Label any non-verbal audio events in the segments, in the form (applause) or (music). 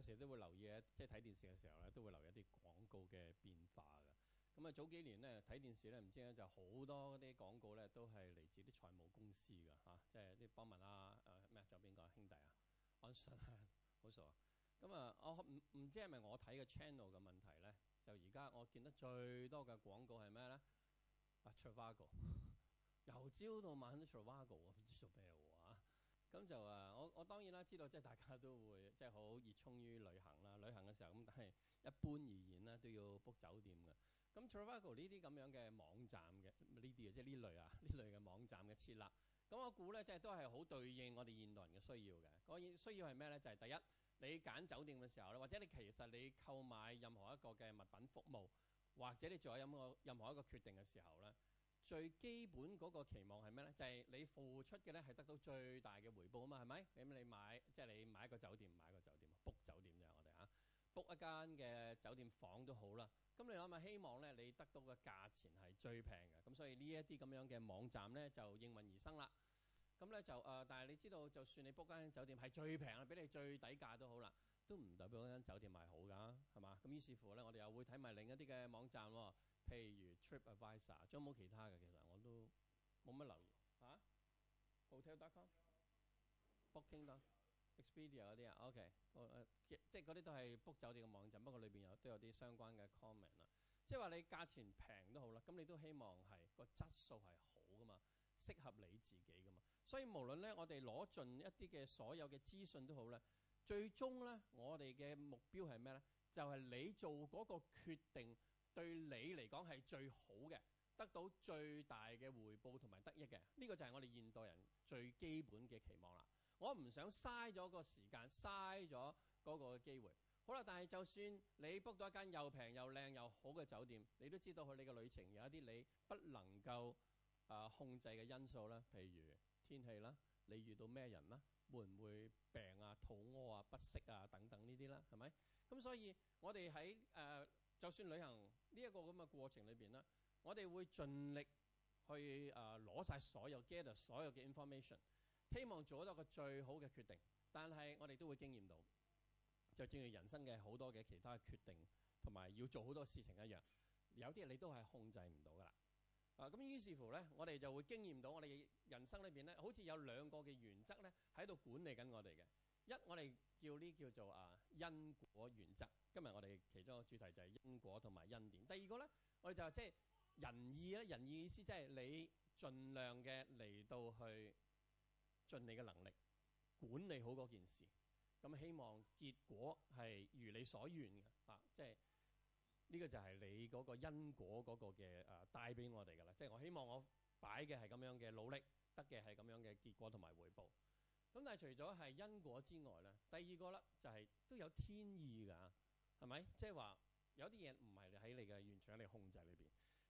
有時都會留意即係睇電視嘅時候咧，都會留意一啲廣告嘅變化嘅。咁啊，早幾年咧睇電視咧，唔知咧就好多啲廣告咧都係嚟自啲財務公司㗎嚇、啊，即係啲博民啊，誒咩仲有邊個兄弟啊，安信啊，好傻！啊。咁啊，我唔唔知係咪我睇嘅 channel 嘅問題咧，就而家我見得最多嘅廣告係咩咧 Trivago 由朝到晚啲 Trivago 我唔知咁就啊，我我當然啦，知道即係大家都會即係好熱衷於旅行啦。旅行嘅時候咁，但係一般而言啦，都要 book 酒店嘅。咁 Trivago 呢啲咁樣嘅網站嘅呢啲即係呢類啊呢類嘅網站嘅設立，咁我估咧即係都係好對應我哋現代人嘅需要嘅。我需要係咩咧？就係第一，你揀酒店嘅時候咧，或者你其實你購買任何一個嘅物品服務，或者你做任何任何一個決定嘅時候咧。最基本嗰個期望係咩咧？就係、是、你付出嘅咧，係得到最大嘅回報啊嘛，係咪？咁你，你買即係、就是、你買一個酒店，買一個酒店 book 酒店咋我哋嚇 book 一間嘅酒店房都好啦。咁你諗下，希望咧你得到嘅價錢係最平嘅。咁所以呢一啲咁樣嘅網站咧就應運而生啦。咁咧就誒、呃，但係你知道，就算你 book 間酒店係最平啊，俾你最底價都好啦，都唔代表嗰間酒店係好噶、啊，係嘛？咁於是乎咧，我哋又會睇埋另一啲嘅網站喎、啊。譬如 TripAdvisor，仲有冇其他嘅？其實我都冇乜留意吓。Hotel.com、啊、Hotel. Booking.com、Exped、Expedia 嗰啲啊，OK，、uh, 即係嗰啲都係 book 酒店嘅網站，不過裏邊有都有啲相關嘅 comment 啦。即係話你價錢平都好啦，咁你都希望係、個質素係好噶嘛，適合你自己噶嘛。所以無論咧，我哋攞盡一啲嘅所有嘅資訊都好咧，最終咧，我哋嘅目標係咩咧？就係、是、你做嗰個決定。對你嚟講係最好嘅，得到最大嘅回報同埋得益嘅，呢個就係我哋現代人最基本嘅期望啦。我唔想嘥咗個時間，嘥咗嗰個嘅機會。好啦，但係就算你 book 到一間又平又靚又好嘅酒店，你都知道佢你嘅旅程有一啲你不能夠啊、呃、控制嘅因素咧，譬如天氣啦，你遇到咩人啦，會唔會病啊、肚屙啊、不適啊等等呢啲啦，係咪？咁所以我哋喺誒，呃就算旅行呢一個咁嘅過程裏邊啦，我哋會盡力去誒攞晒所有 gather 所有嘅 information，希望做到一個最好嘅決定。但係我哋都會經驗到，就正如人生嘅好多嘅其他決定同埋要做好多事情一樣，有啲你都係控制唔到噶啦。啊，咁於是乎咧，我哋就會經驗到我哋人生裏邊咧，好似有兩個嘅原則咧喺度管理緊我哋嘅。一，我哋叫呢叫做啊因果原則。今日我哋其中一個主題就係因果同埋恩典。第二個咧，我哋就即係仁義咧。仁義意，意思即係你盡量嘅嚟到去盡你嘅能力管理好嗰件事，咁、嗯、希望結果係如你所願嘅啊！即係呢、這個就係你嗰個因果嗰個嘅誒帶俾我哋噶啦。即係我希望我擺嘅係咁樣嘅努力，得嘅係咁樣嘅結果同埋回報。咁、嗯、但係除咗係因果之外咧，第二個啦就係、是、都有天意㗎。啊係咪？即係話有啲嘢唔係喺你嘅，完全喺你控制裏邊。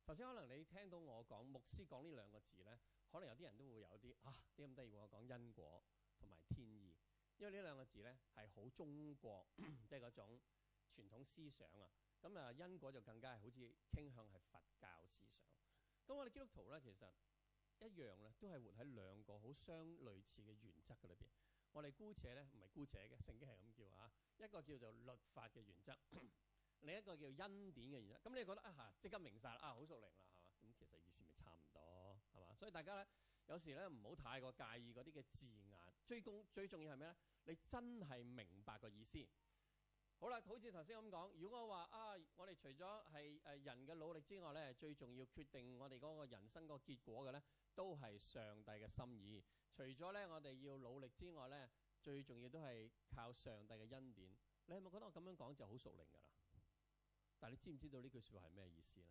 頭先可能你聽到我講牧師講呢兩個字咧，可能有啲人都會有啲啊，啲咁得意喎，我講因果同埋天意。因為呢兩個字咧係好中國，即係嗰種傳統思想啊。咁啊因果就更加係好似傾向係佛教思想。咁我哋基督徒咧其實一樣咧，都係活喺兩個好相類似嘅原則嘅裏邊。我哋姑且咧唔係姑且嘅，聖經係咁叫啊，一個叫做律法嘅原則， (coughs) 另一個叫恩典嘅原則。咁你覺得啊即刻明晒啦，啊好、啊、熟齡啦，係嘛？咁其實意思咪差唔多係嘛？所以大家咧，有時咧唔好太過介意嗰啲嘅字眼。最公最重要係咩咧？你真係明白個意思。好啦，好似頭先咁講，如果我話啊，我哋除咗係誒人嘅努力之外咧，最重要決定我哋嗰個人生嗰個結果嘅咧，都係上帝嘅心意。除咗咧，我哋要努力之外咧，最重要都係靠上帝嘅恩典。你係咪覺得我咁樣講就好屬靈噶啦？但係你知唔知道呢句説話係咩意思咧？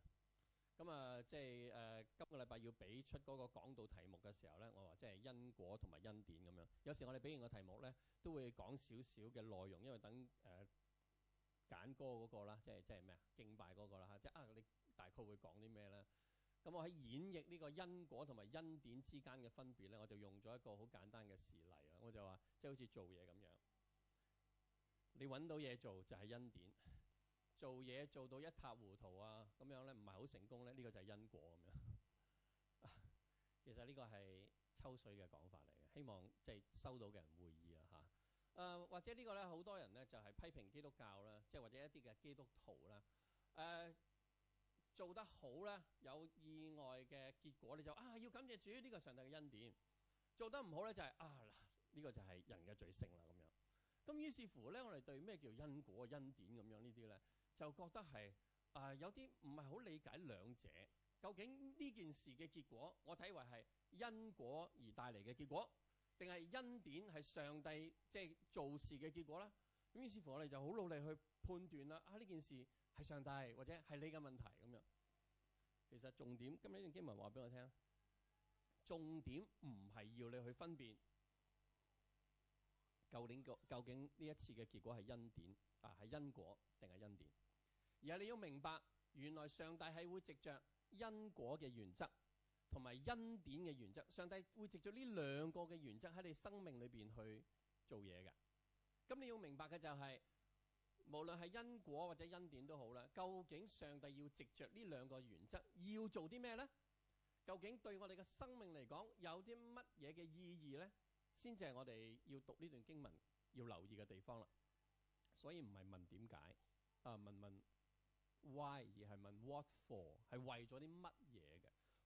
咁、嗯、啊，即係誒、呃，今個禮拜要俾出嗰個講道題目嘅時候咧，我話即係因果同埋恩典咁樣。有時我哋俾完個題目咧，都會講少少嘅內容，因為等誒揀、呃、歌嗰個啦，即係即係咩啊？敬拜嗰個啦嚇，即係啊，你大概會講啲咩咧？咁我喺演繹呢個因果同埋恩典之間嘅分別咧，我就用咗一個好簡單嘅事例啊！我就話，即係好似做嘢咁樣，你揾到嘢做就係、是、恩典；做嘢做到一塌糊塗啊，咁樣咧唔係好成功咧，呢、這個就係因果咁樣。其實呢個係抽水嘅講法嚟嘅，希望即係收到嘅人會意啊嚇。誒、呃、或者個呢個咧，好多人咧就係、是、批評基督教啦，即係或者一啲嘅基督徒啦，誒、呃。做得好咧，有意外嘅結果，你就啊要感謝主呢個上帝嘅恩典。做得唔好咧，就係啊嗱，呢個就係人嘅罪性啦。咁樣咁，於是乎咧，我哋對咩叫因果嘅恩典咁樣呢啲咧，就覺得係啊有啲唔係好理解兩者究竟呢件事嘅結果，我睇為係因果而帶嚟嘅結果，定係恩典係上帝即係做事嘅結果咧？咁於是乎，我哋就好努力去判斷啦。啊呢件事係上帝或者係你嘅問題。其實重點，今日呢段經文話俾我聽，重點唔係要你去分辨究竟究竟，呢一次嘅結果係恩典，啊，係因果定係恩典。而係你要明白，原來上帝係會藉着因果嘅原則同埋恩典嘅原則，上帝會藉着呢兩個嘅原則喺你生命裏邊去做嘢嘅。咁你要明白嘅就係、是。無論係因果或者恩典都好啦，究竟上帝要藉着呢兩個原則要做啲咩咧？究竟對我哋嘅生命嚟講有啲乜嘢嘅意義咧？先至係我哋要讀呢段經文要留意嘅地方啦。所以唔係問點解，啊，問問 why 而係問 what for 係為咗啲乜嘢？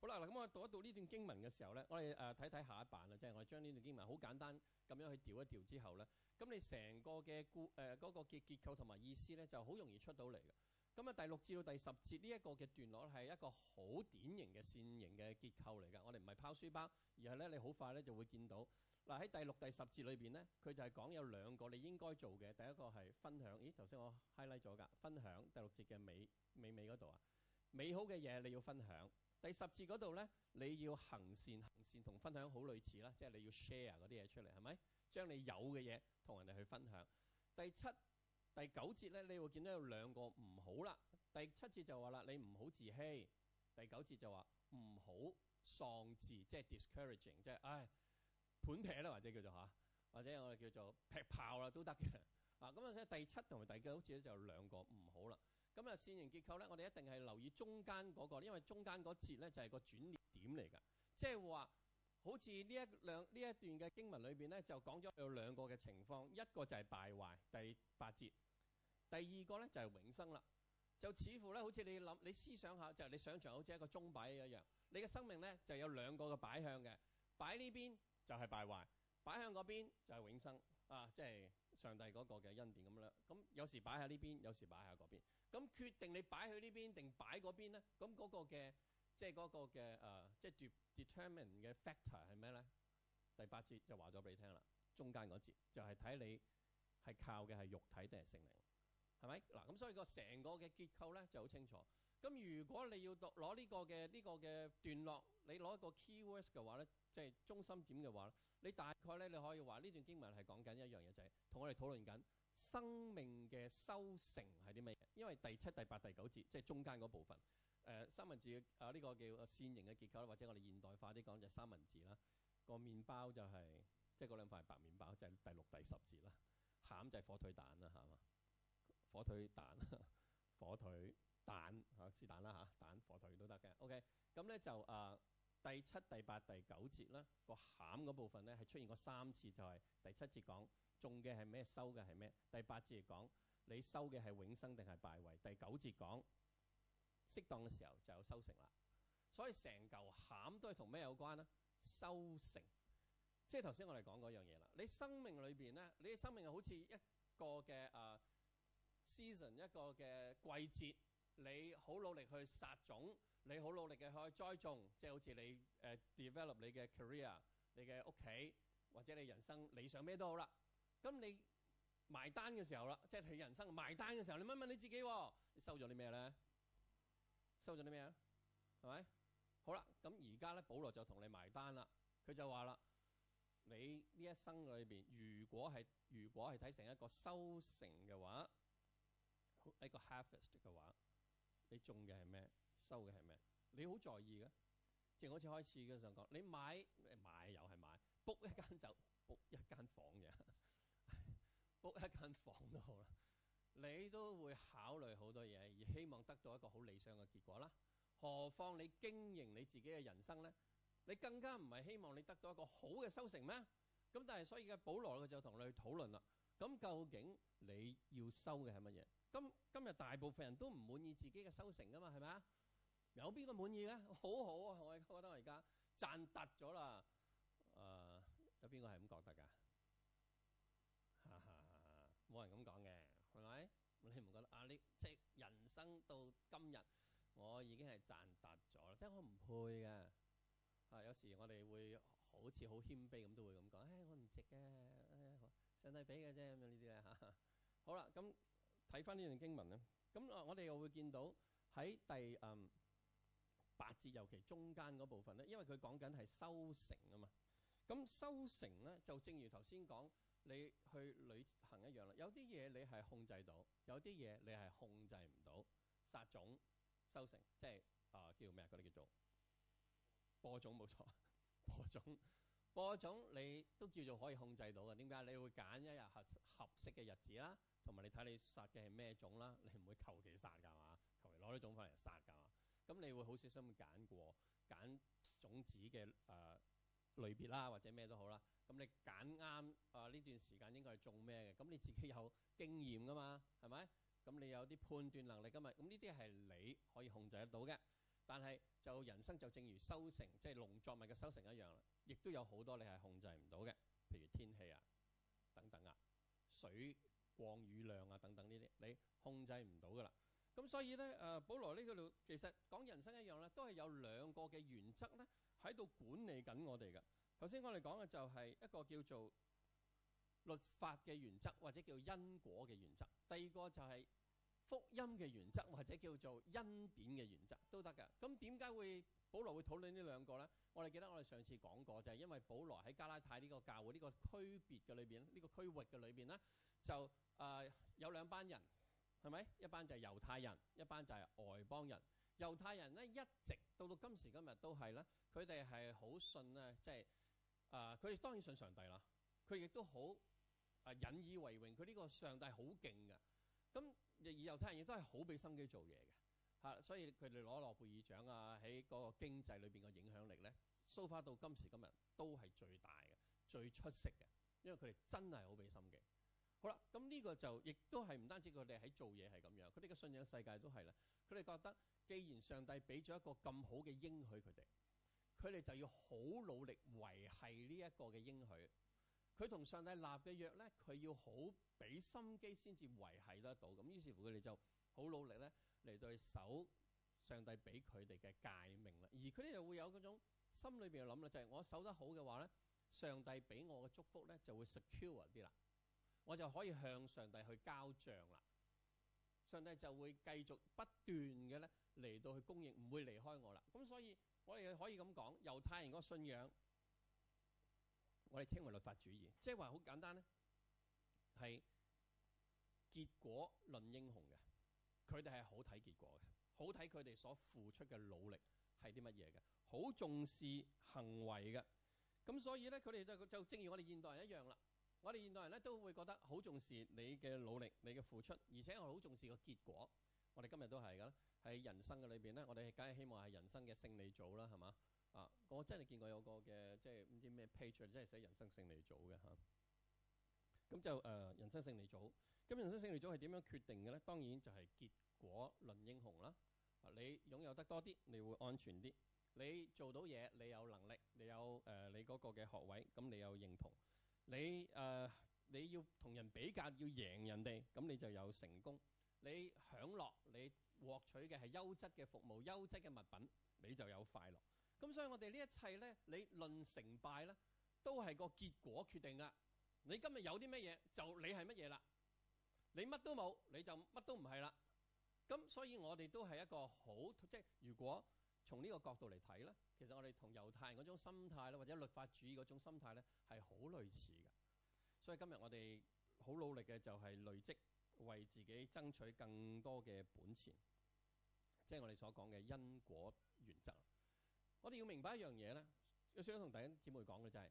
好啦，咁我讀一讀呢段經文嘅時候咧，我哋誒睇睇下一版啦，即係我將呢段經文好簡單咁樣去調一調之後咧，咁你成個嘅故誒嗰個結結構同埋意思咧就好容易出到嚟嘅。咁啊，第六至到第十節呢一個嘅段落係一個好典型嘅綫型嘅結構嚟噶。我哋唔係拋書包，而係咧你好快咧就會見到嗱，喺第六、第十節裏邊咧，佢就係講有兩個你應該做嘅，第一個係分享。咦，頭先我 highlight 咗噶分享第六節嘅美，美美美嗰度啊，美好嘅嘢你要分享。第十節嗰度咧，你要行善行善同分享好類似啦，即係你要 share 嗰啲嘢出嚟，係咪？將你有嘅嘢同人哋去分享。第七、第九節咧，你會見到有兩個唔好啦。第七節就話啦，你唔好自欺；第九節就話唔好喪志，即係 discouraging，即係唉，盤劈啦，或者叫做吓，或者我哋叫做劈炮啦，都得嘅。啊，咁啊，所以第七同埋第九好似咧就有兩個唔好啦。咁啊，線形結構咧，我哋一定係留意中間嗰個，因為中間嗰節咧就係個轉捩點嚟㗎。即係話，好似呢一兩呢一段嘅經文裏邊咧，就講咗有兩個嘅情況，一個就係敗壞，第八節；第二個咧就係永生啦。就似乎咧，好似你諗，你思想下，就係你想像，好似一個鐘擺一樣，你嘅生命咧就有兩個嘅擺向嘅，擺呢邊就係敗壞，擺向嗰邊就係永生。啊，即係上帝嗰個嘅恩典咁。有時擺喺呢邊，有時擺喺嗰邊。咁決定你擺去呢邊定擺嗰邊咧？咁嗰個嘅即係嗰個嘅誒，即、呃、係、就是、determine 嘅 factor 係咩咧？第八節就話咗俾你聽啦，中間嗰節就係、是、睇你係靠嘅係肉體定係聖靈，係咪嗱？咁所以個成個嘅結構咧就好清楚。咁如果你要讀攞呢個嘅呢、這個嘅段落，你攞一個 key words 嘅話咧，即、就、係、是、中心點嘅話咧，你大概咧你可以話呢段經文係講緊一樣嘢，就係、是、同我哋討論緊。生命嘅修成係啲咩？因為第七、第八、第九節即係中間嗰部分，誒、呃、三文治啊呢，這個叫線形嘅結構啦，或者我哋現代化啲講就是、三文治啦。個麵包就係、是、即係嗰兩塊白麵包，就係、是、第六、第十節啦。餡就係火腿蛋啦，係嘛？火腿蛋、火腿蛋嚇，是、啊、蛋啦嚇、啊，蛋火腿都得嘅。OK，咁咧就誒。呃第七、第八、第九節啦，個餡嗰部分咧係出現過三次，就係、是、第七節講種嘅係咩，收嘅係咩；第八節講你收嘅係永生定係敗壞？第九節講適當嘅時候就有收成啦。所以成嚿餡都係同咩有關咧？收成，即係頭先我哋講嗰樣嘢啦。你生命裏邊咧，你嘅生命好似一個嘅誒、uh, season，一個嘅季節。你好努力去撒種，你好努力嘅去栽種，即係好似你誒、uh, develop 你嘅 career、你嘅屋企或者你人生，你想咩都好啦。咁你埋單嘅時候啦，即係你人生埋單嘅時候，你問問你自己、哦你收呢，收咗啲咩咧？收咗啲咩啊？係咪？好啦，咁而家咧，保羅就同你埋單啦。佢就話啦，你呢一生裏面，如果係如果係睇成一個收成嘅話，一個 harvest 嘅話。你種嘅係咩？收嘅係咩？你好在意嘅，正好似開始嘅時候講，你買買又係買，book 一間就 book 一間房嘅，book (laughs) 一間房都好啦，你都會考慮好多嘢，而希望得到一個好理想嘅結果啦。何況你經營你自己嘅人生咧，你更加唔係希望你得到一個好嘅收成咩？咁但係所以嘅保羅佢就同你去討論啦。咁究竟你要收嘅係乜嘢？今今日大部分人都唔滿意自己嘅收成㗎嘛，係咪啊？有邊個滿意咧？好好啊！我覺得我而家賺突咗啦！誒、呃，有邊個係咁覺得㗎？冇人咁講嘅，係咪？你唔覺得啊？你即係人生到今日，我已經係賺突咗，即係我唔配嘅。啊，有時我哋會好似好謙卑咁，都會咁講，誒、哎，我唔值嘅。上帝俾嘅啫，咁樣呢啲咧嚇， (laughs) 好啦，咁睇翻呢段經文咧，咁、嗯、啊我哋又會見到喺第嗯八節，尤其中間嗰部分咧，因為佢講緊係收成啊嘛。咁、嗯、收成咧就正如頭先講，你去旅行一樣啦。有啲嘢你係控制到，有啲嘢你係控制唔到。撒種、收成，即係啊、呃、叫咩？嗰啲叫做播種，冇錯，播種。播種你都叫做可以控制到嘅，點解？你會揀一日合合適嘅日子啦，同埋你睇你撒嘅係咩種啦，你唔會求其撒㗎嘛，求其攞啲種翻嚟撒㗎嘛。咁你會好小心揀過，揀種子嘅誒、呃、類別啦，或者咩都好啦。咁你揀啱啊呢段時間應該係種咩嘅？咁你自己有經驗㗎嘛，係咪？咁你有啲判斷能力㗎嘛。咁呢啲係你可以控制得到嘅。但係就人生就正如收成，即係農作物嘅收成一樣啦，亦都有好多你係控制唔到嘅，譬如天氣啊、等等啊、水降雨量啊等等呢啲，你控制唔到噶啦。咁所以咧，誒、啊，保羅呢嗰度其實講人生一樣咧，都係有兩個嘅原則咧，喺度管理緊我哋嘅。頭先我哋講嘅就係一個叫做律法嘅原則，或者叫因果嘅原則。第二個就係、是。福音嘅原則或者叫做恩典嘅原則都得噶。咁點解會保羅會討論呢兩個咧？我哋記得我哋上次講過，就係、是、因為保羅喺加拉太呢個教會呢、這個區別嘅裏邊，呢、這個區域嘅裏邊咧，就誒、呃、有兩班人，係咪？一班就係猶太人，一班就係外邦人。猶太人咧，一直到到今時今日都係咧，佢哋係好信啊，即係誒，佢、呃、哋當然信上帝啦。佢亦都好誒引以為榮，佢呢個上帝好勁噶。咁嘅耳遊人亦都係好俾心機做嘢嘅，嚇、啊，所以佢哋攞諾貝爾獎啊，喺嗰個經濟裏邊個影響力咧，蘇花到今時今日都係最大嘅、最出色嘅，因為佢哋真係好俾心機。好啦，咁呢個就亦都係唔單止佢哋喺做嘢係咁樣，佢哋嘅信仰世界都係啦。佢哋覺得既然上帝俾咗一個咁好嘅應許佢哋，佢哋就要好努力維係呢一個嘅應許。佢同上帝立嘅約咧，佢要好俾心機先至維係得到。咁於是乎佢哋就好努力咧嚟到去守上帝俾佢哋嘅誡命啦。而佢哋就會有嗰種心裏邊嘅諗啦，就係我守得好嘅話咧，上帝俾我嘅祝福咧就會 secure 啲啦。我就可以向上帝去交帳啦。上帝就會繼續不斷嘅咧嚟到去供應，唔會離開我啦。咁所以我哋可以咁講，猶太人個信仰。我哋稱為律法主義，即係話好簡單咧，係結果論英雄嘅，佢哋係好睇結果嘅，好睇佢哋所付出嘅努力係啲乜嘢嘅，好重視行為嘅。咁所以咧，佢哋就就正如我哋現代人一樣啦。我哋現代人咧都會覺得好重視你嘅努力、你嘅付出，而且我好重視個結果。我哋今日都係噶啦，喺人生嘅裏邊咧，我哋梗係希望係人生嘅勝利組啦，係嘛？啊！我真係見過有個嘅，即係唔知咩 page，即係寫人生勝利組嘅嚇。咁、啊、就誒、呃、人生勝利組。咁人生勝利組係點樣決定嘅咧？當然就係結果論英雄啦。啊、你擁有得多啲，你會安全啲。你做到嘢，你有能力，你有誒、呃、你嗰個嘅學位，咁你又認同你誒、呃、你要同人比較，要贏人哋，咁你就有成功。你享樂，你獲取嘅係優質嘅服務、優質嘅物品，你就有快樂。咁所以，我哋呢一切咧，你論成敗咧，都係個結果決定噶你今日有啲乜嘢，就你係乜嘢啦。你乜都冇，你就乜都唔係啦。咁所以，我哋都係一個好，即係如果從呢個角度嚟睇咧，其實我哋同猶太人嗰種心態咧，或者律法主義嗰種心態咧，係好類似噶。所以今日我哋好努力嘅就係累積，為自己爭取更多嘅本錢，即係我哋所講嘅因果原則。我哋要明白一樣嘢咧，我想同大家姊妹講嘅就係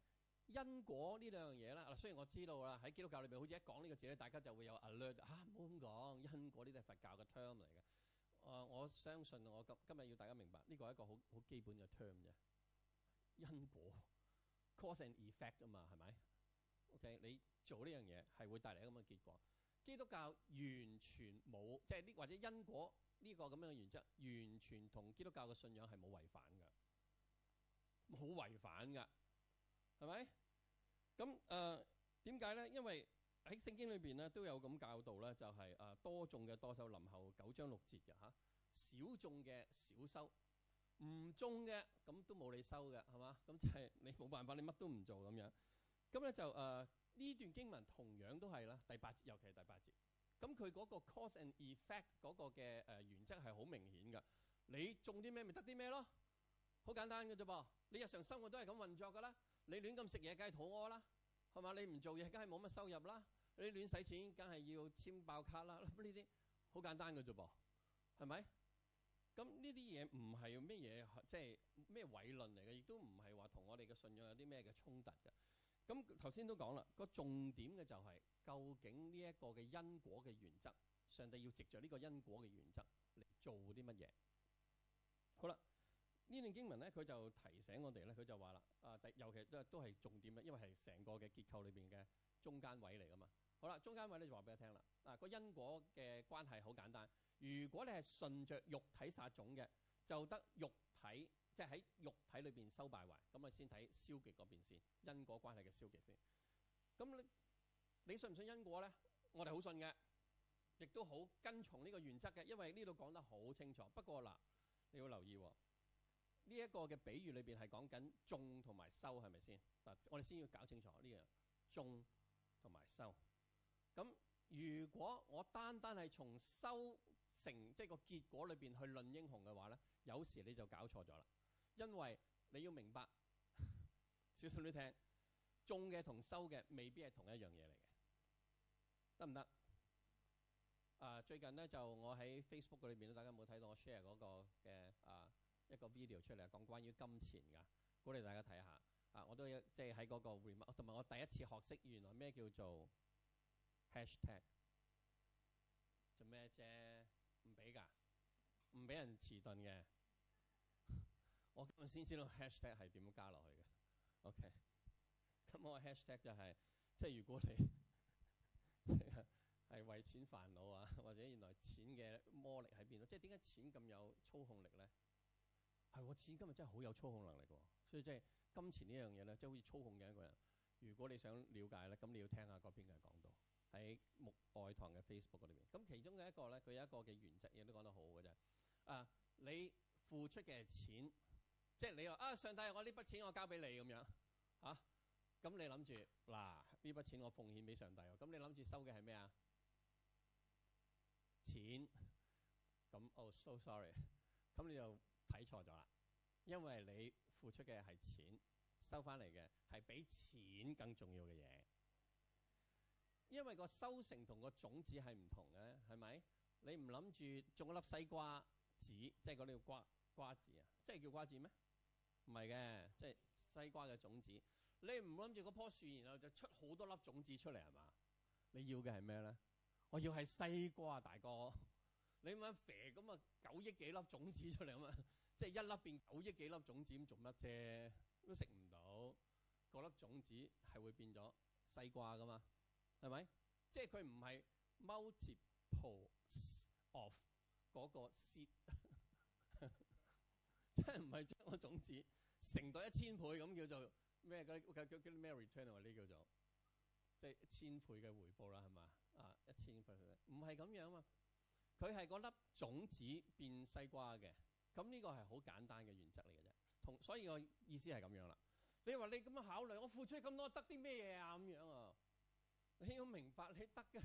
因果呢兩樣嘢啦。嗱，雖然我知道啦，喺基督教裏邊好似一講呢個字咧，大家就會有 alert, 啊略吓，唔好咁講因果呢啲係佛教嘅 term 嚟嘅。誒、呃，我相信我今今日要大家明白呢個係一個好好基本嘅 term 啫。因果 cause and effect 啊嘛，係咪？OK，你做呢樣嘢係會帶嚟咁嘅結果。基督教完全冇即係呢或者因果呢個咁樣嘅原則，完全同基督教嘅信仰係冇違反嘅。好違反噶，係咪？咁誒點解咧？因為喺聖經裏邊咧都有咁教導咧，就係誒多種嘅多收，林後九章六節嘅吓。少種嘅少收，唔種嘅咁都冇你收嘅，係嘛？咁就係你冇辦法，你乜都唔做咁樣。咁咧就誒呢段經文同樣都係啦，第八節尤其係第八節。咁佢嗰個 cause and effect 嗰個嘅誒原則係好明顯㗎。你種啲咩咪得啲咩咯？好簡單嘅啫噃，你日常生活都係咁運作噶啦。你亂咁食嘢，梗係肚屙啦，係嘛？你唔做嘢，梗係冇乜收入啦。你亂使錢，梗係要簽爆卡啦。呢啲好簡單嘅啫噃，係咪？咁呢啲嘢唔係咩嘢，即係咩偉論嚟嘅？亦都唔係話同我哋嘅信仰有啲咩嘅衝突嘅。咁頭先都講啦，個重點嘅就係、是、究竟呢一個嘅因果嘅原則，上帝要藉着呢個因果嘅原則嚟做啲乜嘢？好啦。呢段經文咧，佢就提醒我哋咧，佢就話啦，啊，尤其都都係重點嘅，因為係成個嘅結構裏邊嘅中間位嚟噶嘛。好啦，中間位咧就話俾你聽啦，啊，個因果嘅關係好簡單。如果你係順着肉體撒種嘅，就得肉體，即係喺肉體裏邊收敗壞，咁、嗯、啊先睇消極嗰邊先因果關係嘅消極先。咁你，你信唔信因果咧？我哋好信嘅，亦都好跟從呢個原則嘅，因為呢度講得好清楚。不過嗱，你要留意喎、哦。呢一個嘅比喻裏邊係講緊種同埋收係咪先？啊，我哋先要搞清楚呢樣種同埋收。咁如果我單單係從收成，即係個結果裏邊去論英雄嘅話咧，有時你就搞錯咗啦。因為你要明白， (laughs) 小心啲聽，種嘅同收嘅未必係同一樣嘢嚟嘅，得唔得？啊，最近咧就我喺 Facebook 嘅裏邊，大家有冇睇到我 share 嗰個嘅啊？一個 video 出嚟講關於金錢㗎，鼓勵大家睇下。啊，我都即係喺嗰個 remote，同埋我第一次學識原來咩叫做 hashtag，做咩啫？唔俾㗎，唔俾人遲鈍嘅。 (laughs) 我今日先知道 hashtag 係點加落去嘅。OK，咁我 hashtag 就係、是、即係如果你係 (laughs) 為錢煩惱啊，或者原來錢嘅魔力喺邊度，即係點解錢咁有操控力咧？係，我、哦、錢今日真係好有操控能力喎，所以即係金錢呢樣嘢咧，即係好似操控嘅一個人。如果你想了解咧，咁你要聽下嗰邊嘅講道喺木愛堂嘅 Facebook 嗰邊。咁其中嘅一個咧，佢有一個嘅原則，亦都講得好嘅啫。啊，你付出嘅錢，即係你話啊，上帝，我呢筆錢我交俾你咁樣嚇，咁你諗住嗱呢筆錢我奉獻俾上帝喎，咁你諗住收嘅係咩啊？錢咁，哦，so sorry，咁你又？睇錯咗啦，因為你付出嘅係錢，收翻嚟嘅係比錢更重要嘅嘢。因為個收成同個種子係唔同嘅，係咪？你唔諗住種一粒西瓜子，即係嗰啲瓜瓜子啊，即係叫瓜子咩？唔係嘅，即係西瓜嘅種子。你唔諗住嗰棵樹，然後就出好多粒種子出嚟係嘛？你要嘅係咩咧？我要係西瓜，大哥， (laughs) 你問肥咁啊，九億幾粒種子出嚟咁嘛！ (laughs) 即係一粒變九億幾粒種子咁做乜啫？都食唔到，嗰粒種子係會變咗西瓜噶嘛？係咪？即係佢唔係 multiple of 嗰個 seed (laughs) 即係唔係將個種子乘到一千倍，咁叫做咩？嗰啲叫叫咩 return 啊？呢叫做即係一千倍嘅回報啦，係嘛？啊，一千倍唔係咁樣嘛，佢係嗰粒種子變西瓜嘅。咁呢個係好簡單嘅原則嚟嘅啫，同所以我意思係咁樣啦。你話你咁樣考慮，我付出咁多得啲咩嘢啊？咁樣啊，你要明白你得嘅，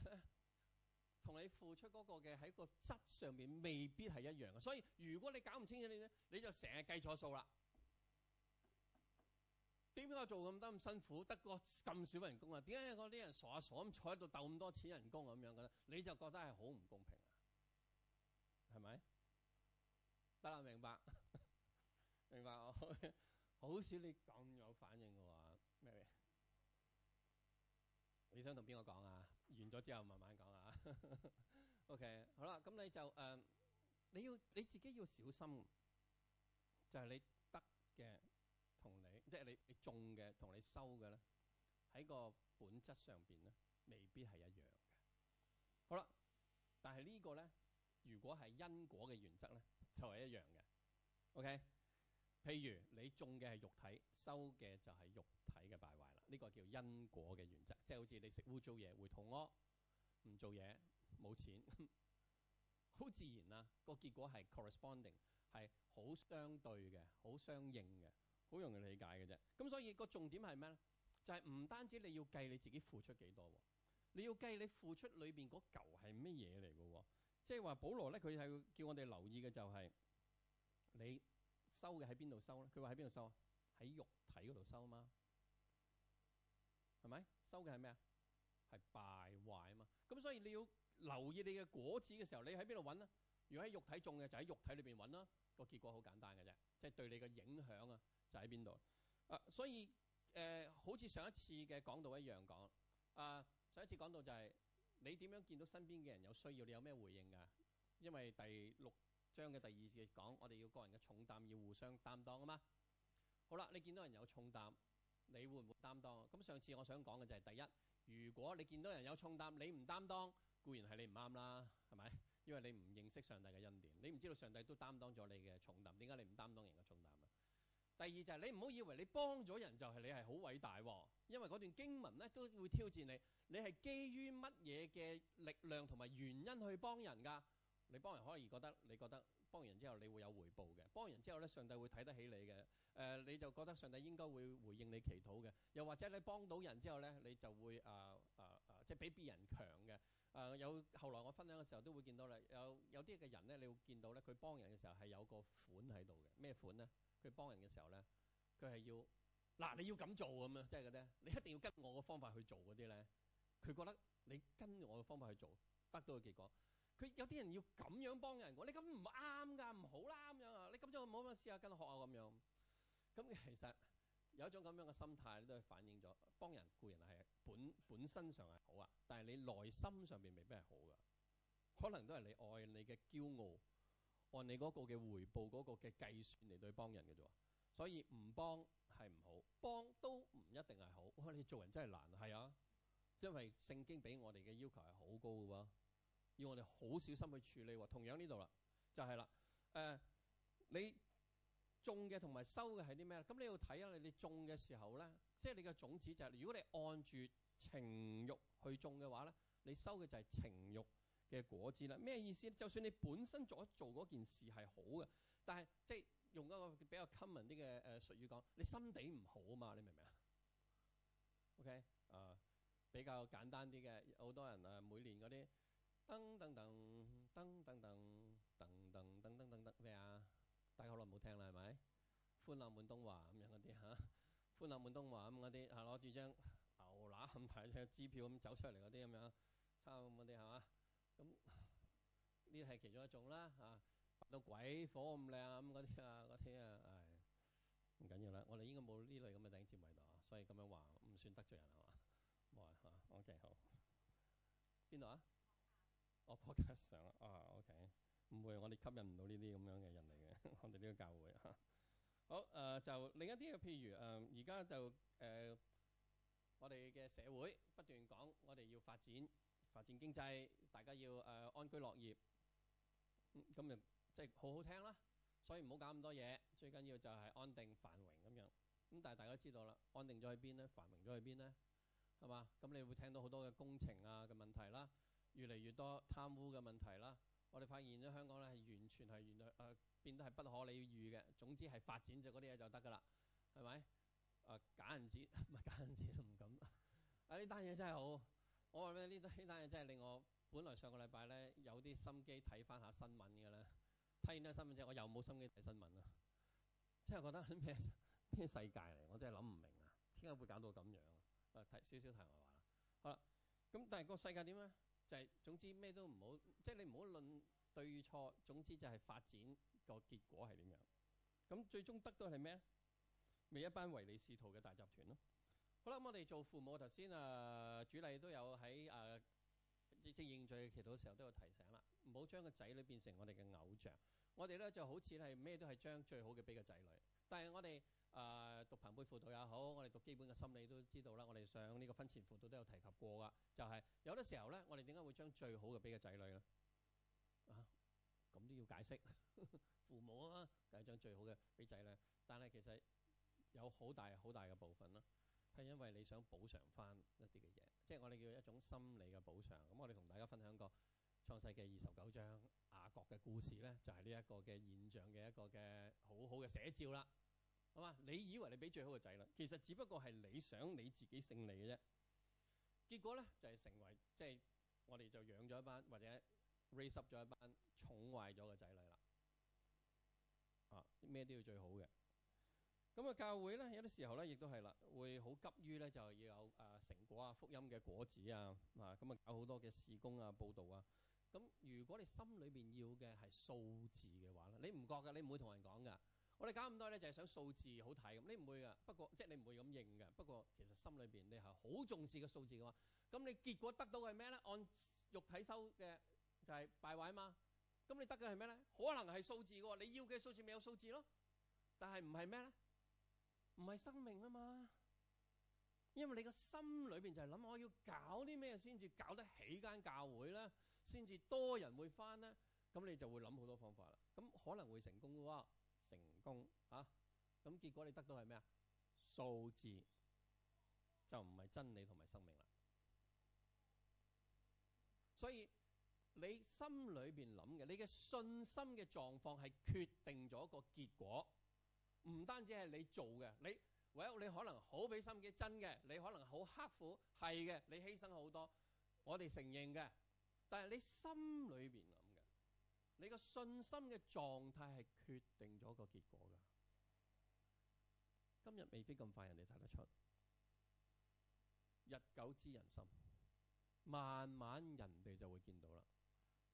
同你付出嗰個嘅喺個質上面未必係一樣。所以如果你搞唔清，清楚你呢，你就成日計錯數啦。點解我做咁多咁辛苦，得個咁少人工啊？點解我啲人傻啊傻咁坐喺度鬥咁多錢人工咁樣嘅咧？你就覺得係好唔公平啊？係咪？得啦，明白，明白我好少你咁有反應嘅話，咩？你想同邊個講啊？完咗之後慢慢講啊。 (laughs) OK，好啦，咁你就誒、呃，你要你自己要小心，就係、是、你得嘅同你，即、就、係、是、你你種嘅同你收嘅咧，喺個本質上邊咧，未必係一樣嘅。好啦，但係呢個咧，如果係因果嘅原則咧，就係一樣嘅，OK。譬如你種嘅係肉體，收嘅就係肉體嘅敗壞啦。呢、這個叫因果嘅原則，即係好似你食污糟嘢，會肚屙，唔做嘢，冇錢，好 (laughs) 自然啦、啊。那個結果係 corresponding，係好相對嘅，好相應嘅，好容易理解嘅啫。咁所以個重點係咩咧？就係、是、唔單止你要計你自己付出幾多，你要計你付出裏邊嗰嚿係咩嘢嚟嘅喎。即係話，保羅咧，佢係叫我哋留意嘅就係、是、你收嘅喺邊度收咧？佢話喺邊度收啊？喺肉體嗰度收啊？嘛，係咪？收嘅係咩啊？係敗壞啊嘛。咁所以你要留意你嘅果子嘅時候，你喺邊度揾咧？如果喺肉體種嘅，就喺肉體裏邊揾啦。個結果好簡單嘅啫，即、就、係、是、對你嘅影響啊，就喺邊度？啊，所以誒、呃，好似上一次嘅講道一樣講。啊，上一次講道就係、是。你點樣見到身邊嘅人有需要？你有咩回應㗎？因為第六章嘅第二節講，我哋要個人嘅重擔要互相擔當啊嘛。好啦，你見到人有重擔，你會唔會擔當？咁上次我想講嘅就係第一，如果你見到人有重擔，你唔擔當，固然係你唔啱啦，係咪？因為你唔認識上帝嘅恩典，你唔知道上帝都擔當咗你嘅重擔，點解你唔擔當人嘅重擔？第二就係你唔好以為你幫咗人就係你係好偉大喎、哦，因為嗰段經文咧都會挑戰你，你係基於乜嘢嘅力量同埋原因去幫人㗎？你幫人可以而覺得你覺得幫完之後你會有回報嘅，幫完之後咧上帝會睇得起你嘅，誒、呃、你就覺得上帝應該會回應你祈禱嘅，又或者你幫到人之後咧你就會誒誒誒即係比別人強嘅。誒、呃、有後來我分享嘅時候都會見到啦，有有啲嘅人咧，你會見到咧，佢幫人嘅時候係有個款喺度嘅，咩款咧？佢幫人嘅時候咧，佢係要嗱你要咁做咁樣，即係咧，你一定要跟我嘅方法去做嗰啲咧，佢覺得你跟我嘅方法去做得到結果，佢有啲人要咁樣幫人講，你咁唔啱㗎，唔好啦咁樣啊，你咁就唔好咁試下跟學啊咁樣，咁其實。有一種咁樣嘅心態咧，你都係反映咗幫人，固然係本本身上係好啊，但係你內心上面未必係好㗎，可能都係你愛你嘅驕傲，按你嗰個嘅回報嗰個嘅計算嚟對幫人嘅啫。所以唔幫係唔好，幫都唔一定係好。你做人真係難，係啊，因為聖經俾我哋嘅要求係好高嘅喎，要我哋好小心去處理喎。同樣呢度啦，就係、是、啦，呃你種嘅同埋收嘅係啲咩咧？咁你要睇下你你種嘅時候咧，即係你嘅種子就係、是，如果你按住情慾去種嘅話咧，你收嘅就係情慾嘅果子啦。咩意思咧？就算你本身所做嗰件事係好嘅，但係即係用一個比較 common 啲嘅誒術語講，你心地唔好啊嘛，你明唔明啊？OK，啊、呃、比較簡單啲嘅，好多人啊每年嗰啲噔噔噔噔噔噔噔噔噔噔噔咩啊？大家好耐冇聽啦，係咪？歡樂滿東華咁樣嗰啲吓，歡樂滿東華咁嗰啲，係攞住張牛腩咁大隻支票咁走出嚟嗰啲咁樣，差唔多啲係嘛？咁呢啲係其中一種啦嚇，白到鬼火咁靚咁嗰啲啊，嗰啲啊，唉，唔緊要啦。我哋應該冇呢類咁嘅頂尖位度，所以咁樣話唔算得罪人係嘛？冇啊，OK 好。邊度啊？我幫佢上啊，OK。唔會，我哋吸引唔到呢啲咁樣嘅人嚟嘅。 (laughs) 我哋呢個教會吓，呵呵好誒、呃，就另一啲嘅，譬如誒，而、呃、家就誒、呃，我哋嘅社會不斷講，我哋要發展，發展經濟，大家要誒、呃、安居樂業，咁、嗯、就即係好好聽啦。所以唔好搞咁多嘢，最緊要就係安定繁榮咁樣。咁但係大家知道啦，安定咗喺邊咧？繁榮咗去邊咧？係嘛？咁你會聽到好多嘅工程啊嘅問題啦，越嚟越多貪污嘅問題啦。我哋發現咗香港咧係完全係原來誒、呃、變得係不可理喻嘅。總之係發展就嗰啲嘢就得㗎啦，係咪？誒假銀紙，假銀紙都唔敢。啊呢單嘢真係好，我話咩呢單呢單嘢真係令我本來上個禮拜咧有啲心機睇翻下新聞嘅啦。睇完啲新聞之後，我又冇心機睇新聞啦。真係覺得咩咩世界嚟？我真係諗唔明啊！點解會，會搞到咁樣？睇、啊、少少題外話啦。好啦，咁但係個世界點啊？就係、是、總之咩都唔好，即係你唔好論對與錯。總之就係發展個結果係點樣？咁最終得到係咩咧？咪一班唯利是圖嘅大集團咯。好啦，嗯、我哋做父母頭先啊，主禮都有喺誒，亦即係認罪嘅祈禱嘅時候都有提醒啦，唔好將個仔女變成我哋嘅偶像。我哋咧就好似係咩都係將最好嘅俾個仔女，但係我哋。誒、啊、讀朋輩輔導也好，我哋讀基本嘅心理都知道啦。我哋上呢個婚前輔導都有提及過㗎，就係、是、有啲時候咧，我哋點解會將最好嘅俾個仔女呢？咁、啊、都要解釋 (laughs) 父母啊，係將最好嘅俾仔女。但係其實有好大好大嘅部分啦，係因為你想補償返一啲嘅嘢，即、就、係、是、我哋叫做一種心理嘅補償。咁我哋同大家分享個創世記二十九章雅各嘅故事咧，就係、是、呢一個嘅現象嘅一個嘅好好嘅寫照啦。係嘛？你以為你俾最好嘅仔女，其實只不過係你想你自己勝利嘅啫。結果咧就係、是、成為即係、就是、我哋就養咗一班或者 raise up 咗一班寵壞咗嘅仔女啦。啊，咩都要最好嘅。咁、嗯、啊，教會咧有啲時候咧亦都係啦，會好急於咧就要有誒成果啊、福音嘅果子啊啊咁啊，搞好多嘅事工啊、佈道啊。咁、嗯、如果你心裏邊要嘅係數字嘅話咧，你唔覺㗎，你唔會同人講㗎。我哋搞咁多咧，就係想數字好睇咁。你唔會噶，不過即係、就是、你唔會咁認嘅。不過其實心裏邊你係好重視個數字嘅嘛。咁你結果得到嘅係咩咧？按肉體收嘅就係敗壞啊嘛。咁你得嘅係咩咧？可能係數字喎。你要嘅數字咪有數字咯，但係唔係咩咧？唔係生命啊嘛。因為你個心裏邊就係諗我要搞啲咩先至搞得起間教會咧，先至多人會返咧。咁你就會諗好多方法啦。咁可能會成功嘅話。啊！咁結果你得到係咩啊？數字就唔係真理同埋生命啦。所以你心裏邊諗嘅，你嘅信心嘅狀況係決定咗個結果。唔單止係你做嘅，你唯有、well, 你可能好俾心機，真嘅，你可能好刻苦，係嘅，你犧牲好多，我哋承認嘅。但係你心裏邊。你個信心嘅狀態係決定咗個結果㗎。今日未必咁快人哋睇得出，日久知人心，慢慢人哋就會見到啦。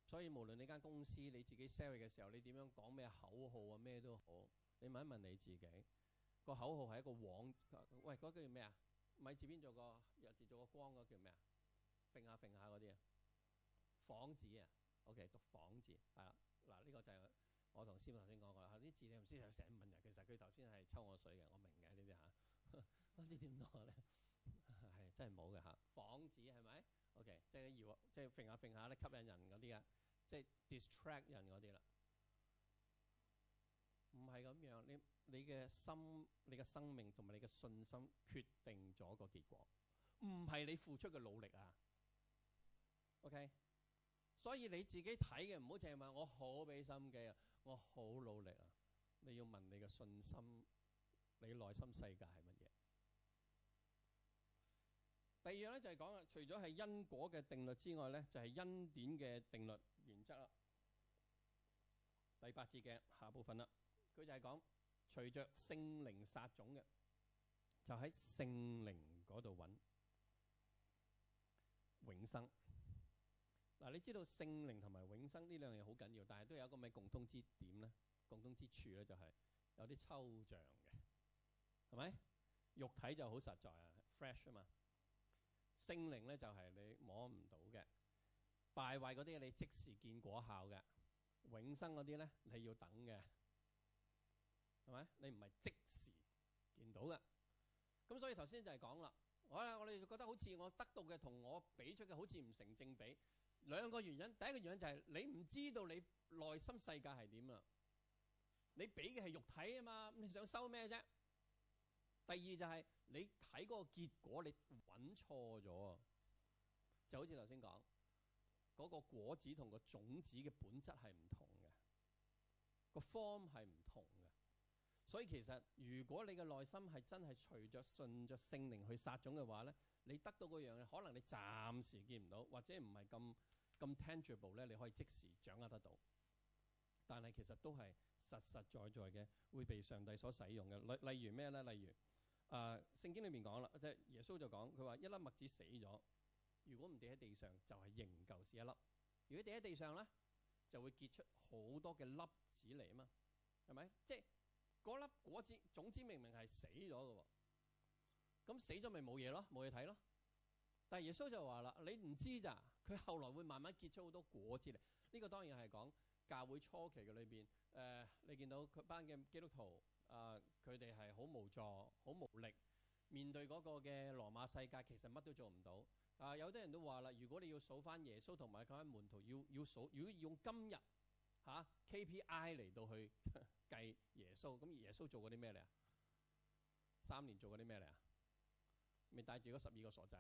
所以無論你間公司你自己 sell 嘅時候，你點樣講咩口號啊咩都好，你問一問你自己，個口號係一個幌。喂，嗰、那個、叫咩呀？米字邊做個日字做個光嗰、那個、叫咩呀？揈下揈下嗰啲啊，幌子啊！O.K. 讀「仿」字係啦，嗱、這、呢個就係我同師傅頭先講過啦。啲字你唔知就成日問人，其實佢頭先係抽我的水嘅，我明嘅呢啲嚇。我知點講咧，係真係冇嘅嚇。仿字係咪？O.K. 即係搖，即係揈下揈下咧，吸引人嗰啲啊，即係 distract 人嗰啲啦。唔係咁樣，你你嘅心、你嘅生命同埋你嘅信心決定咗個結果，唔係你付出嘅努力啊。O.K. 所以你自己睇嘅唔好淨係問我，好俾心機啊，我好努力啊。你要問你嘅信心，你內心世界係乜嘢？第二樣咧就係、是、講除咗係因果嘅定律之外呢就係、是、恩典嘅定律原則啦。第八節嘅下部分啦，佢就係講隨著聖靈撒種嘅，就喺聖靈嗰度揾永生。嗱、啊，你知道聖靈同埋永生呢兩樣嘢好緊要，但係都有一個咩共通之點咧？共通之處咧就係有啲抽象嘅，係咪？肉體就好實在啊，fresh 啊嘛。聖靈咧就係、是、你摸唔到嘅，敗壞嗰啲你即時見果效嘅，永生嗰啲咧你要等嘅，係咪？你唔係即時見到嘅。咁所以頭先就係講啦、哎，我我哋覺得好似我得到嘅同我俾出嘅好似唔成正比。兩個原因，第一個原因就係、是、你唔知道你內心世界係點啦，你俾嘅係肉體啊嘛，噉你想收咩啫？第二就係、是、你睇個結果，你揾錯咗啊，就好似頭先講，個果子同個種子嘅本質係唔同嘅，個 form 係唔同。所以其實，如果你嘅內心係真係隨着順著聖靈去撒種嘅話咧，你得到嗰樣嘢，可能你暫時見唔到，或者唔係咁咁 tangible 咧，ible，你可以即時掌握得到。但係其實都係實實在在嘅，會被上帝所使用嘅。例例如咩咧？例如誒、啊、聖經裏面講啦，即係耶穌就講佢話一粒麥子死咗，如果唔跌喺地上，就係仍舊是一粒；如果跌喺地上咧，就會結出好多嘅粒子嚟啊嘛，係咪？即係。嗰粒果子，總之明明係死咗嘅，咁、啊、死咗咪冇嘢咯，冇嘢睇咯。但係耶穌就話啦：，你唔知咋，佢後來會慢慢結出好多果子嚟。呢、這個當然係講教會初期嘅裏邊，誒、呃，你見到佢班嘅基督徒，啊，佢哋係好無助、好無力面對嗰個嘅羅馬世界，其實乜都做唔到。啊，有啲人都話啦：，如果你要數返耶穌同埋佢班門徒，要要數，如果用今日吓、啊、KPI 嚟到去。 (laughs) 計耶穌咁耶穌做過啲咩嚟？三年做過啲咩嚟？咪帶住嗰十二個傻仔，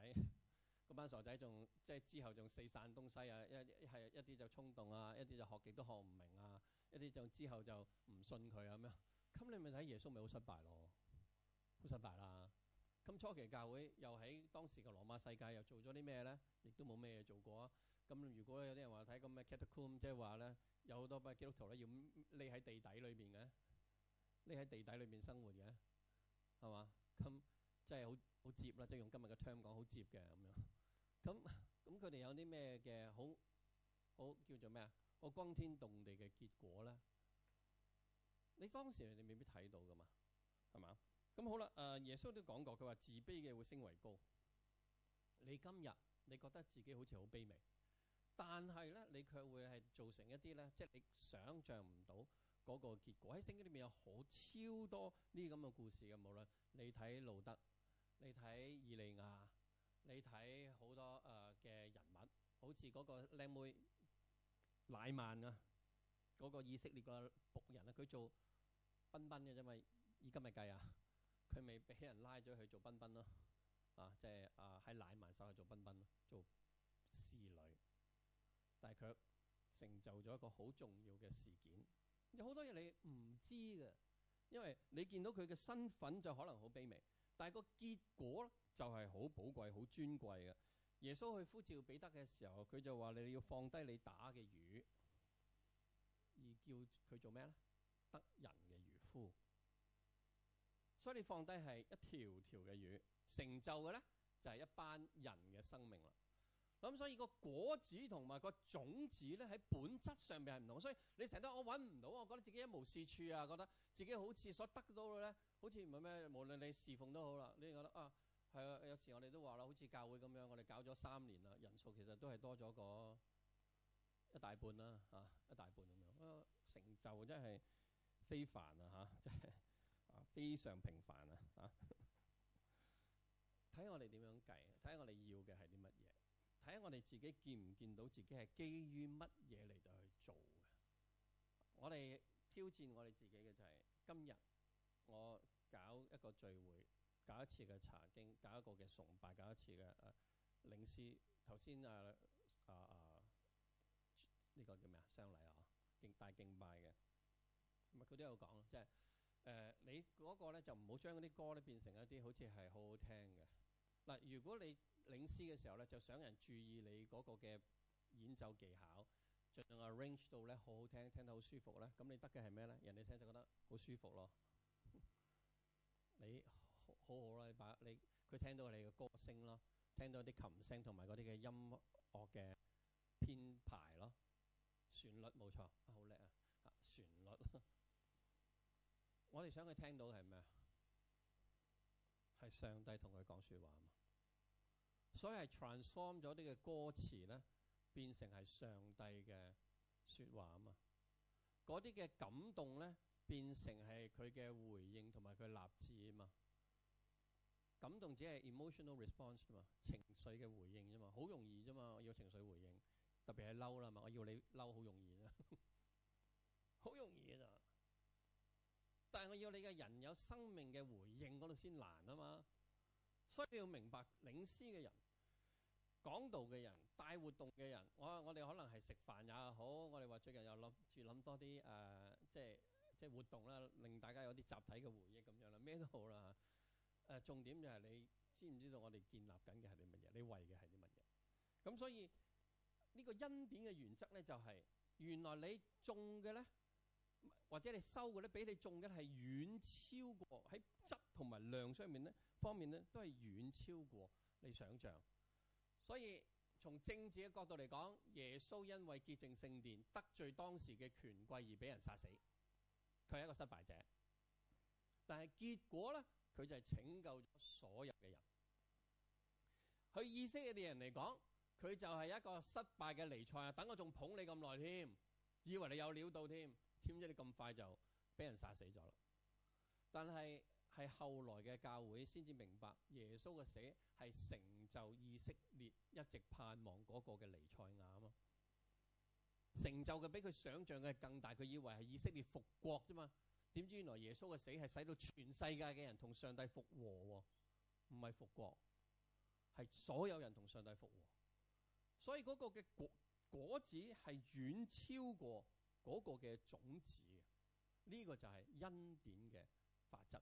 嗰 (laughs) 班傻仔仲即係之後仲四散東西啊！一係一啲就衝動啊，一啲就學極都學唔明啊，一啲就之後就唔信佢啊咩？咁你咪睇耶穌咪好失敗咯，好失敗啦！咁初期教會又喺當時嘅羅馬世界又做咗啲咩咧？亦都冇咩嘢做過、啊。咁如果有啲人話睇咁嘅 catacomb，即係話咧有好多嘅基督徒咧要匿喺地底裏邊嘅，匿喺地底裏邊生活嘅，係嘛？咁即係好好接啦，即係用今日嘅 term 講好接嘅咁樣。咁咁佢哋有啲咩嘅好好叫做咩啊？好轟天動地嘅結果咧，你當時你未必睇到噶嘛，係嘛？咁好啦，誒、啊、耶穌都講過，佢話自卑嘅會升為高。你今日你覺得自己好似好卑微。但係咧，你卻會係造成一啲咧，即係你想象唔到個結果，喺聖經裏面有好超多呢啲咁嘅故事嘅。無論你睇路得，你睇以利亞，你睇好多誒嘅、呃、人物，好似個靚妹乃縵啊，個以色列嘅僕人啊，佢做彬彬嘅，因為以今咪計啊，佢咪俾人拉咗去做彬彬咯啊，即係啊喺乃縵手去做彬彬咯，做士。但係佢成就咗一個好重要嘅事件，有好多嘢你唔知嘅。因為你見到佢嘅身份就可能好卑微，但係個結果就係好寶貴、好尊貴嘅。耶穌去呼召彼得嘅時候，佢就話你要放低你打嘅魚，而叫佢做咩咧？得人嘅漁夫。所以你放低係一條條嘅魚，成就嘅咧就係一班人嘅生命啦。咁所以個果子同埋個種子咧，喺本質上邊係唔同。所以你成日都話我揾唔到，我覺得自己一無是處啊，覺得自己好似所得到嘅咧，好似唔係咩。無論你侍奉都好啦，你覺得啊係啊。有時我哋都話啦，好似教會咁樣，我哋搞咗三年啦，人數其實都係多咗個一大半啦嚇、啊，一大半咁樣、啊。成就真係非凡啊吓，即、啊、係非常平凡啊啊。睇下我哋點樣計，睇下我哋要嘅係啲乜。睇下我哋自己見唔見到自己係基於乜嘢嚟到去做嘅？我哋挑戰我哋自己嘅就係、是、今日我搞一個聚會，搞一次嘅查經，搞一個嘅崇拜，搞一次嘅領詩。頭先啊啊啊，呢、啊啊這個叫咩啊？雙禮啊，敬拜敬拜嘅。咁啊，佢都有講，即係誒、呃、你嗰個咧就唔好將嗰啲歌咧變成一啲好似係好好聽嘅。嗱，如果你領詩嘅時候咧，就想人注意你嗰個嘅演奏技巧，盡量 arrange 到咧好好聽，聽得好舒服咧，咁你得嘅係咩咧？人哋聽就覺得好舒服咯。你好，好好啦，你把你佢聽到你嘅歌聲咯，聽到啲琴聲同埋嗰啲嘅音樂嘅編排咯，旋律冇錯，好、啊、叻啊！旋律， (laughs) 我哋想佢聽到係咩啊？係上帝同佢講説話。所以係 transform 咗啲嘅歌詞咧，變成係上帝嘅説話啊嘛。嗰啲嘅感動咧，變成係佢嘅回應同埋佢立志啊嘛。感動只係 emotional response 啊嘛，情緒嘅回應啫嘛，好容易啫嘛，我要情緒回應，特別係嬲啦嘛，我要你嬲好容易啫，好容易啊！但係我要你嘅人有生命嘅回應嗰度先難啊嘛。所以你要明白，領師嘅人、講道嘅人、帶活動嘅人，我我哋可能係食飯也好，我哋話最近又諗住諗多啲誒、呃，即係即係活動啦，令大家有啲集體嘅回憶咁樣啦，咩都好啦。誒、呃，重點就係你知唔知道我哋建立緊嘅係啲乜嘢？你為嘅係啲乜嘢？咁所以呢、這個恩典嘅原則咧、就是，就係原來你種嘅咧。或者你收嘅咧，比你中嘅係遠超過喺質同埋量上面咧方面咧，都係遠超過你想象。所以從政治嘅角度嚟講，耶穌因為潔淨聖殿得罪當時嘅權貴而俾人殺死，佢係一個失敗者。但係結果咧，佢就係拯救咗所有嘅人。佢以色列嘅人嚟講，佢就係一個失敗嘅尼賽啊！等我仲捧你咁耐添，以為你有料到添。點解你咁快就俾人殺死咗啦？但係係後來嘅教會先至明白耶穌嘅死係成就以色列一直盼望嗰個嘅彌賽亞啊嘛，成就嘅比佢想象嘅更大。佢以為係以色列復國啫嘛。點知原來耶穌嘅死係使到全世界嘅人同上帝復和喎，唔係復國，係所有人同上帝復和。所以嗰個嘅果果子係遠超過。嗰個嘅種子，呢、這個就係恩典嘅法則。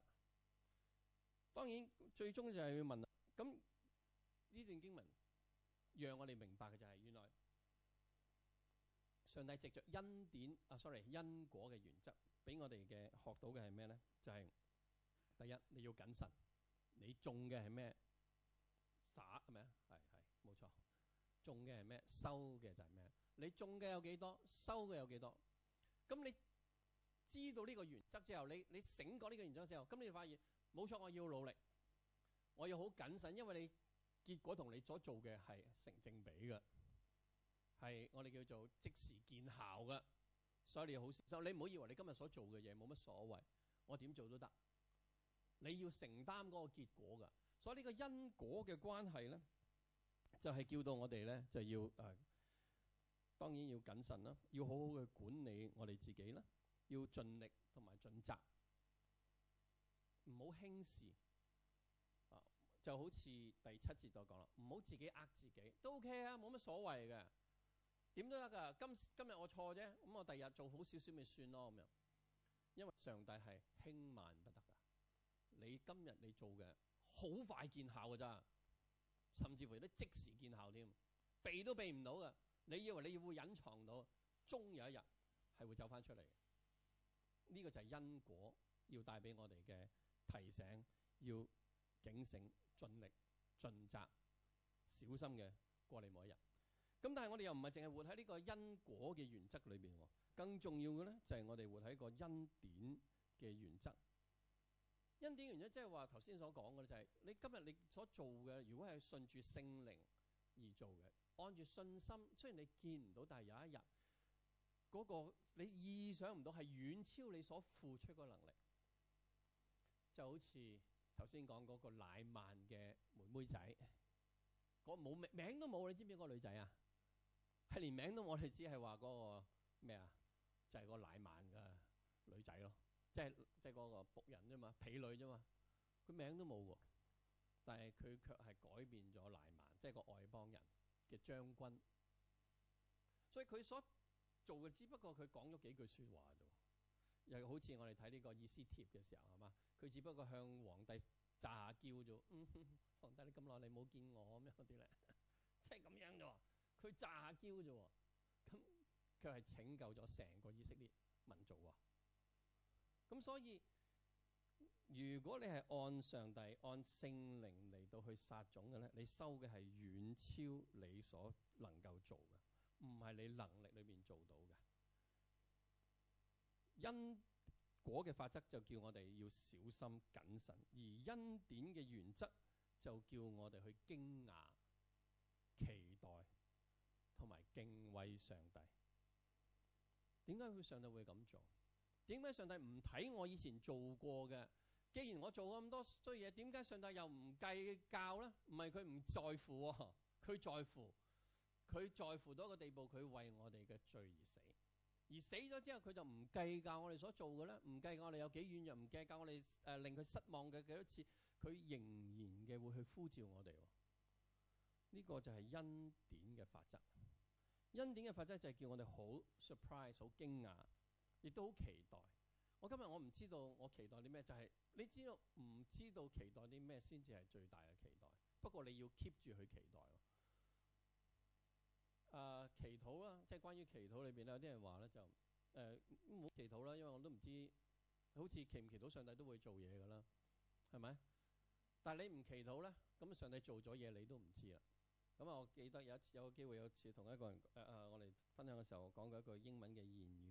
當然最終就係要問，咁呢段經文讓我哋明白嘅就係、是、原來上帝藉着恩典啊，sorry 因果嘅原則俾我哋嘅學到嘅係咩咧？就係、是、第一你要謹慎，你種嘅係咩？撒係咪？係係冇錯，種嘅係咩？收嘅就係咩？你種嘅有幾多？收嘅有幾多？咁你知道呢個原則之後，你你醒覺呢個原則之後，咁你就發現冇錯，我要努力，我要好謹慎，因為你結果同你所做嘅係成正比嘅，係我哋叫做即時見效嘅，所以你又好，所你唔好以為你今日所做嘅嘢冇乜所謂，我點做都得，你要承擔嗰個結果嘅，所以呢個因果嘅關係咧，就係叫到我哋咧就要誒。當然要謹慎啦，要好好去管理我哋自己啦，要盡力同埋盡責，唔好輕視啊！就好似第七節就講啦，唔好自己呃自己，都 OK 啊，冇乜所謂嘅，點都得噶。今今日我錯啫，咁我第日做好少少咪算咯咁樣。因為上帝係輕慢不得噶，你今日你做嘅好快見效噶咋，甚至乎都即時見效添，避都避唔到噶。你以為你會隱藏到終有一日係會走翻出嚟？呢個就係因果要帶俾我哋嘅提醒，要警醒、盡力、盡責、小心嘅過嚟每一日。咁但係我哋又唔係淨係活喺呢個因果嘅原則裏邊，更重要嘅咧就係我哋活喺個恩典嘅原則。恩典原則即係話頭先所講嘅，就係，就係你今日你所做嘅，如果係順住聖靈而做嘅。按住信心，雖然你見唔到，但係有一日嗰、那個你意想唔到係遠超你所付出嘅能力，就好似頭先講嗰個乃曼嘅妹妹仔，嗰、那、冇、個、名名都冇，你知唔知嗰個女仔啊？係連名都冇，你只係話嗰個咩啊？就係、是、個乃曼嘅女仔咯，即係即係嗰個僕人啫嘛，婢女啫嘛，佢名都冇喎，但係佢卻係改變咗乃曼，即係個外邦人。嘅將軍，所以佢所做嘅，只不過佢講咗幾句説話啫，又好似我哋睇呢個以斯帖嘅時候係嘛，佢只不過向皇帝詐下嬌啫，嗯哼，皇帝你咁耐你冇見我咩嗰啲咧，即係咁樣啫，佢 (laughs) 詐下嬌啫，咁佢係拯救咗成個以色列民族喎，咁所以。如果你係按上帝按聖靈嚟到去撒種嘅咧，你收嘅係遠超你所能夠做嘅，唔係你能力裏面做到嘅。因果嘅法則就叫我哋要小心謹慎，而恩典嘅原則就叫我哋去驚訝、期待同埋敬畏上帝。點解佢上帝會咁做？點解上帝唔睇我以前做過嘅？既然我做咁多衰嘢，點解上帝又唔計較咧？唔係佢唔在乎，佢在乎，佢在乎到一個地步，佢為我哋嘅罪而死，而死咗之後，佢就唔計較我哋所做嘅咧，唔計較我哋有幾遠又唔計較我哋誒令佢失望嘅幾多次，佢仍然嘅會去呼召我哋、哦。呢、這個就係恩典嘅法則，恩典嘅法則就係叫我哋好 surprise，好驚訝。亦都好期待。我今日我唔知道我期待啲咩，就係、是，你知道唔知道期待啲咩先至係最大嘅期待？不過你要 keep 住去期待。啊，呃、祈禱啦，即係關於祈禱裏邊咧，有啲人話咧就誒，唔、呃、好祈禱啦，因為我都唔知，好似祈唔祈禱上帝都會做嘢噶啦，係咪？但係你唔祈禱咧，咁上帝做咗嘢，你都唔知啊。咁啊，我記得有一次有個機會，有一次同一個人誒誒、呃、我哋分享嘅時候講過一句英文嘅諺語。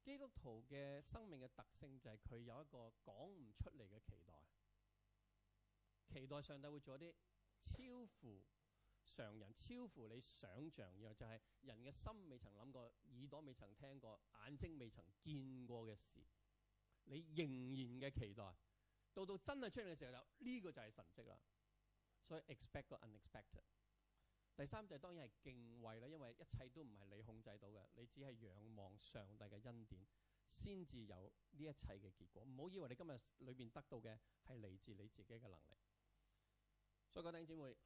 基督徒嘅生命嘅特性就係、是、佢有一個講唔出嚟嘅期待，期待上帝會做啲超乎常人、超乎你想像嘅，就係、是、人嘅心未曾諗過、耳朵未曾聽過、眼睛未曾見過嘅事，你仍然嘅期待，到到真係出嚟嘅時候就呢、這個就係神跡啦，所以 expect 個 unexpected。第三就係當然係敬畏啦，因為一切都唔係你控制到嘅，你只係仰望上帝嘅恩典，先至有呢一切嘅結果。唔好以為你今日裏面得到嘅係嚟自你自己嘅能力。所以各位姐妹，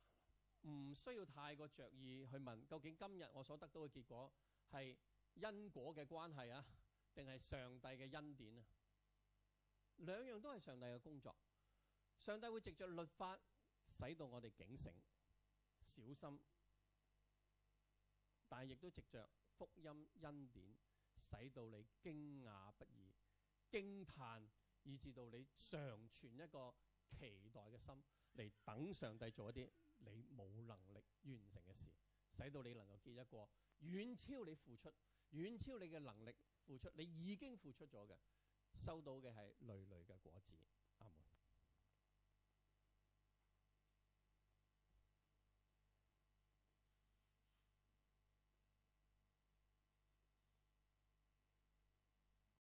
唔需要太過著意去問究竟今日我所得到嘅結果係因果嘅關係啊，定係上帝嘅恩典啊？兩樣都係上帝嘅工作。上帝會藉著律法使到我哋警醒，小心。但亦都藉着福音恩典，使到你驚訝不已、驚嘆，以至到你常存一個期待嘅心，嚟等上帝做一啲你冇能力完成嘅事，使到你能夠結一個遠超你付出、遠超你嘅能力付出，你已經付出咗嘅，收到嘅係累累嘅果子。